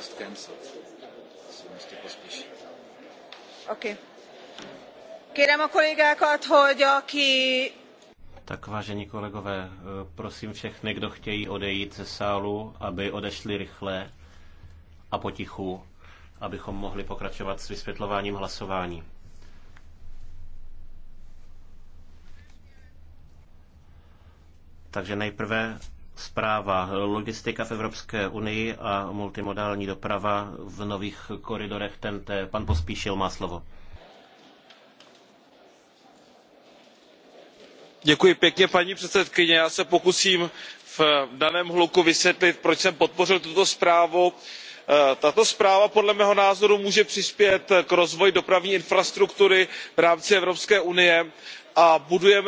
just cancelled. So Okay. Kérem a kollégákat, hogy aki tak vážení kolegové, prosím všechny, kdo chtějí odejít ze sálu, aby odešli rychle a potichu, abychom mohli pokračovat s vysvětlováním hlasování. Takže nejprve zpráva Logistika v Evropské unii a multimodální doprava v nových koridorech TNT. Pan Pospíšil má slovo. Děkuji pěkně, paní předsedkyně. Já se pokusím v daném hluku vysvětlit, proč jsem podpořil tuto zprávu tato zpráva podle mého názoru může přispět k rozvoji dopravní infrastruktury v rámci evropské unie a budujeme